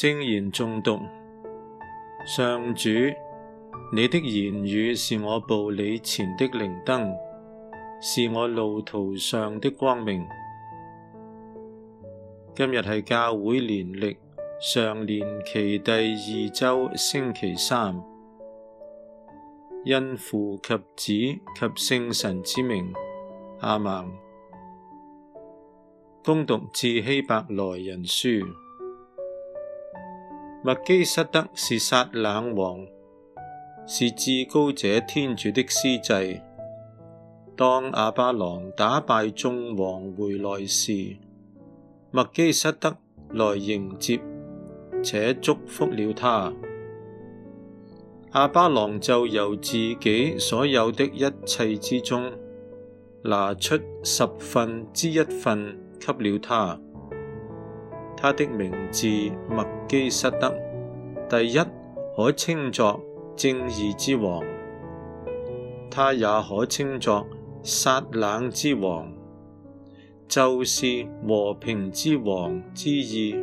聖言誦讀，上主，你的言語是我步履前的靈燈，是我路途上的光明。今日係教會年曆常年期第二周星期三，因父及子及聖神之名，阿門。恭讀《致希伯來人書》。默基瑟德是撒冷王，是至高者天主的司祭。當亞巴郎打敗眾王回來時，默基瑟德來迎接，且祝福了他。亞巴郎就由自己所有的一切之中，拿出十分之一份給了他。他的名字默基瑟德，第一可稱作正義之王，他也可稱作撒冷之王，就是和平之王之意。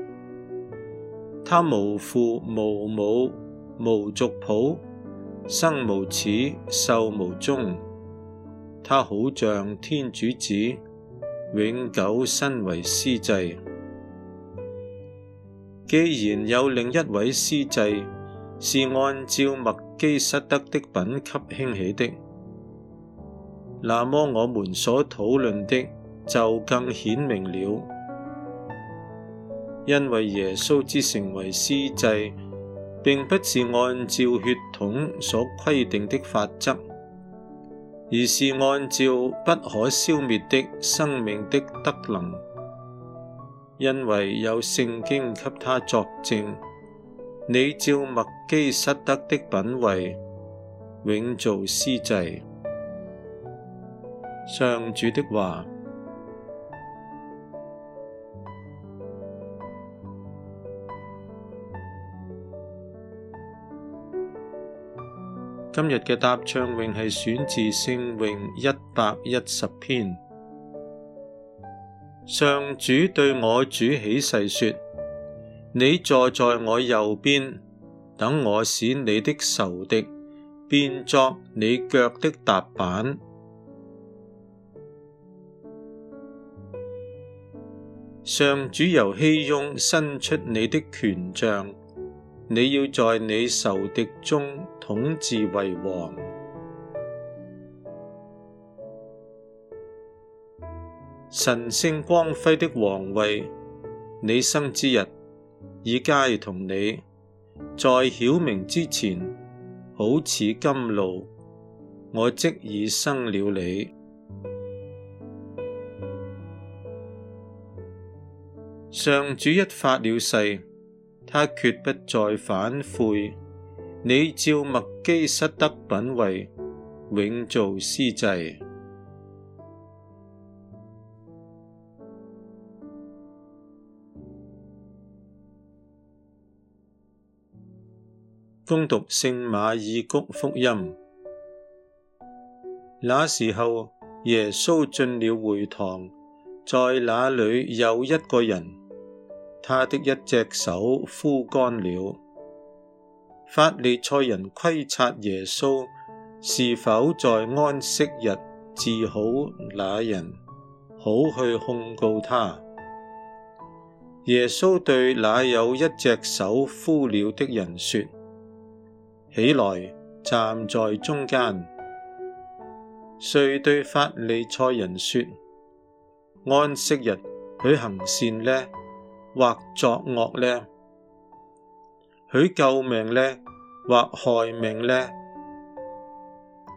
他無父，無母，無族譜，生無始，壽無終。他好像天主子，永久身為司祭。既然有另一位司祭，是按照默基瑟德的品級興起的，那麼我們所討論的就更顯明了，因為耶穌之成為司祭，並不是按照血統所規定的法則，而是按照不可消滅的生命的德能。因為有聖經給他作證，你照默基瑟德的品位，永做司祭。上主的話。今日嘅答唱詠係選自聖詠一百一十篇。上主對我主起誓說：你坐在我右邊，等我使你的仇敵變作你腳的踏板。上主由熙雍伸出你的權杖，你要在你仇敵中統治為王。神聖光輝的王位，你生之日，已偕同你，在曉明之前，好似甘露。我即已生了你。上主一發了誓，他決不再反悔。你照默基瑟德品位，永做司祭。恭讀聖馬爾谷福音。那時候，耶穌進了會堂，在那裏有一個人，他的一隻手枯乾了。法利塞人窺察耶穌是否在安息日治好那人，好去控告他。耶穌對那有一隻手枯了的人說。起來，站在中間，遂對法利塞人說：安息日許行善呢，或作惡呢？許救命呢，或害命呢？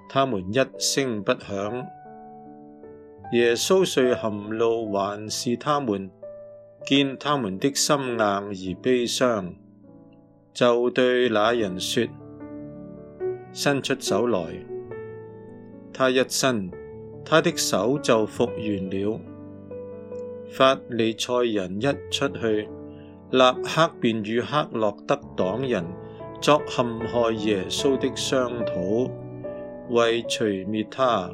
他們一聲不響。耶穌遂含怒，環視他們，見他們的心硬而悲傷，就對那人說。伸出手來，他一伸，他的手就復原了。法利賽人一出去，立刻便與黑落德黨人作陷害耶穌的商討，為除滅他。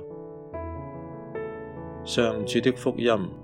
上主的福音。